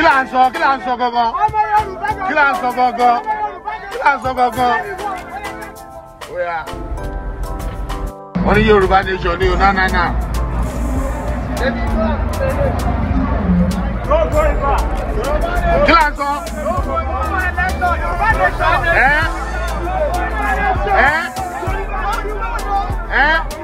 kí là ń sọ kí là ń sọ gangan kí là ń sọ gangan kí là ń sọ gangan. wọ́n ní yorùbá nation ní ọ̀nà nánà. kí là ń sọ. ẹ ẹ ẹ.